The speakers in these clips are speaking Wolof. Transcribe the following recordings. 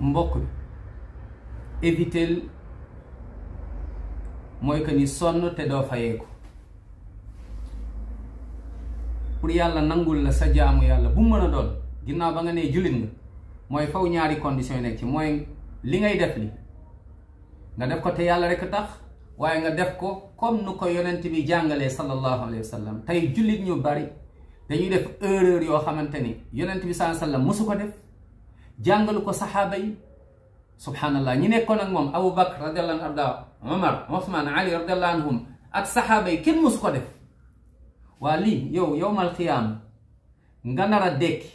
mbokk bi éviter mooy que ni sonn te doo fayeeku pour yàlla nangul la sa jaamu yàlla bu mën a doon ginnaaw ba nga nee jullit nga mooy faw ñaari conditions yi ci mooy li ngay def li nga def ko te yàlla rek tax waaye nga def ko comme nu ko yonent bi jàngalee sallallahu alayhi wa sallam tey jullit ñu bari dañuy def erreur yoo xamante ni yonent bi saa alayhi mosu ko def jàngal ko saxaaba yi subhanallah ñi nekkoon ak moom Abu Bakr radiyallahu anhu Omar Othman Ali radiyallahu anhum ak saxaaba yi kenn mosu ko def waa lii yow yowmal qiyaam nga nar a dekki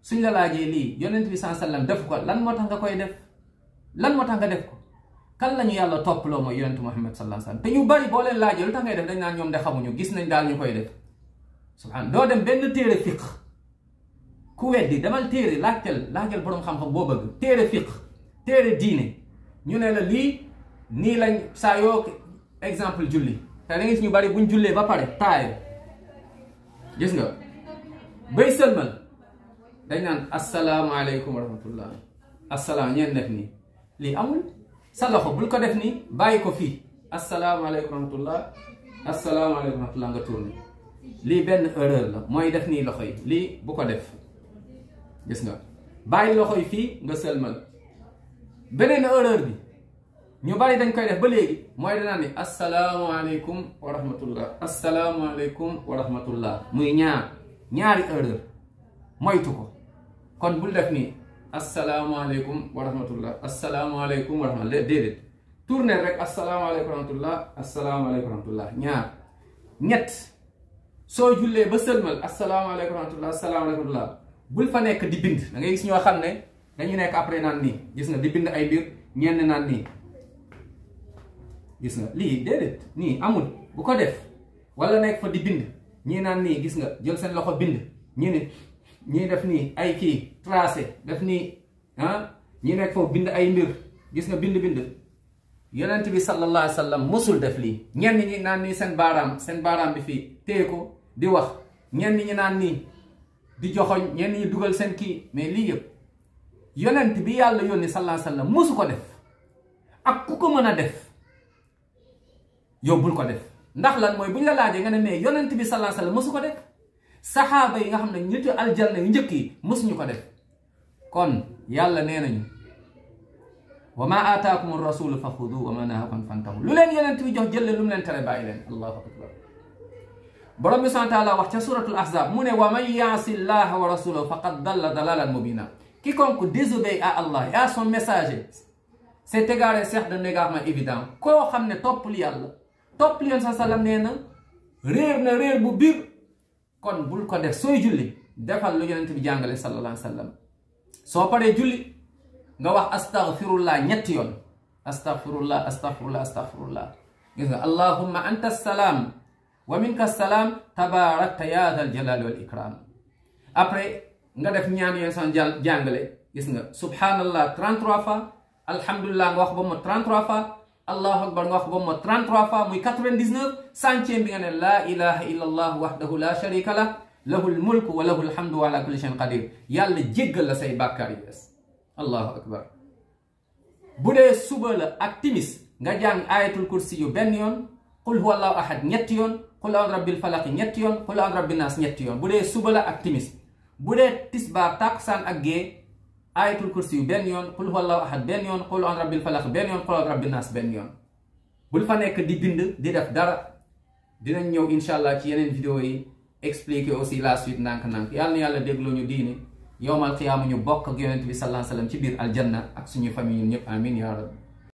suñ la laajee lii yonent bi saa sallam def ko lan moo tax nga koy def lan moo tax nga def ko kan la ñu yàlla toppaloo mooy yonent Muhammad sallallahu alayhi wasallam te ñu bari boo leen laajee lu tax ngay def dañ naan ñoom de xamuñu gis nañ daal ñu koy def subhan doo dem benn téere fiqh ku weddi demal téere laajteel laajteel boroom xam-xam boo bëgg téere fiq téere diine ñu ne la lii nii lañ saa yoo exemple julli te da nga ñu bari buñ jullee ba pare taayo gis nga bay sëlmal dañ naan asalaamaaleykum wa rahmatullah asalaam ñeen def nii lii amul sa loxo bul ko def nii bàyyi ko fi asalaamaaleykum wa rahmatullah asalaamaaleykum wa rahmatullah nga lii benn erreur la mooy def nii loxo yi lii bu ko def gis nga loxo yi fii nga sëlmal beneen erreur bi ñu bari dañ koy def ba léegi mooy danaa ni asalaamaaleykum wa rahmatullah asalaamaaleykum wa rahmatullah muy ñaar ñaari erreur moytu ko kon bul def nii asalaamaaleykum wa rahmatullah asalaamaaleykum wa rahmatullah rek asalaamaaleykum wa rahmatullah asalaamaaleykum wa rahmatullah ñaar ñett soo ba sëlmal asalaamaaleykum wa rahmatullah bul fa nekk di bind da gis ñoo xam ne dañu nekk après naan nii gis nga di bind ay biir ñenn naan nii gis nga lii déedéet nii amul bu ko def wala nekk fa di bind ñii naan nii gis nga jël seen loxo bind ñii ne ñii def nii ay kii tracé def nii ah ñii nekk foofu bind ay mbir gis nga bind bind yonent bi sallallahu alayhi wa sallam musul def lii ñenn ñi naan nii seen baaraam seen baaraam bi fii téye ko di wax ñenn ñi naan nii di joxoñ ñenn ñi dugal seen kii mais lii yëpp yonent bi yàlla yoon sallallahu alayhi wasallam mosu ko def ak ku ko mën a def yóbbul ko def ndax lan mooy bu ñu la laajee nga ne mais yonent bi sallallahu alayhi wasallam mosu ko def saxaaba yi nga xam ne nitu aljanna yu njëkk yi mosuñu ko def kon yàlla nee nañu wa ma aataakum rasulu fa xudu wa ma nahakum fantahu lu leen yonent bi jox jël lu mu leen tere bàyyi leen allahu akbar borom bi subhaanahu wa taala wax ca suratul ahzab mu ne wa man yaasi llaha wa rasulahu faqad dalla dalalan mubina quiconque désobéit à allah et à son messager s'est égaré certes d'un égarement évident koo xam ne toppul yàlla topp leen sa salam nee na réer bu biir kon bul ko def sooy julli defal lu bi jàngale sallallahu alayhi wa sallam soo paree julli nga wax astaghfirullah ñetti yoon astaghfirullah astaghfirullah astaghfirullah anta salaam wa minka salaam tabaarakta yaa dal jalaali wal ikraam après nga def ñaan yooyu son jàll jàngale gis nga subhanallah 33 fois alhamdulilah nga wax ba mu 33 fois allahu akbar nga wax ba mu 33 fois muy 99 centième bi nga ne laa ilaha illa allah wahdahu la sharika lah lahul mulku wa lahul hamdu wa ala kulli shay'in qadir yàlla jéggal la say bàkkaar yi des allahu akbar bu dee suba la ak timis nga jàng ayatul kursi yu benn yoon qul huwa allahu ahad ñetti yoon qul an rabbil falaqi ñetti yoon qul an rabbin naas ñetti yoon bu dee suba la ak timis bu dee tisbaar takusaan ak gee ayatul kursi yu benn yoon qul huwa allahu ahad benn yoon qul an rabbil falaqi benn yoon qul an benn yoon bul fa nekk di bind di def dara dinañ ñëw incha allah ci yeneen vidéo yi expliquer aussi la suite nànk-nànk yàlla na yàlla dégloo ñu diine yowmal qiyaama ñu bokk ak bi sallallahu alayhi wa ci biir aljanna ak suñu famille ñun ñëpp amin ya rabbi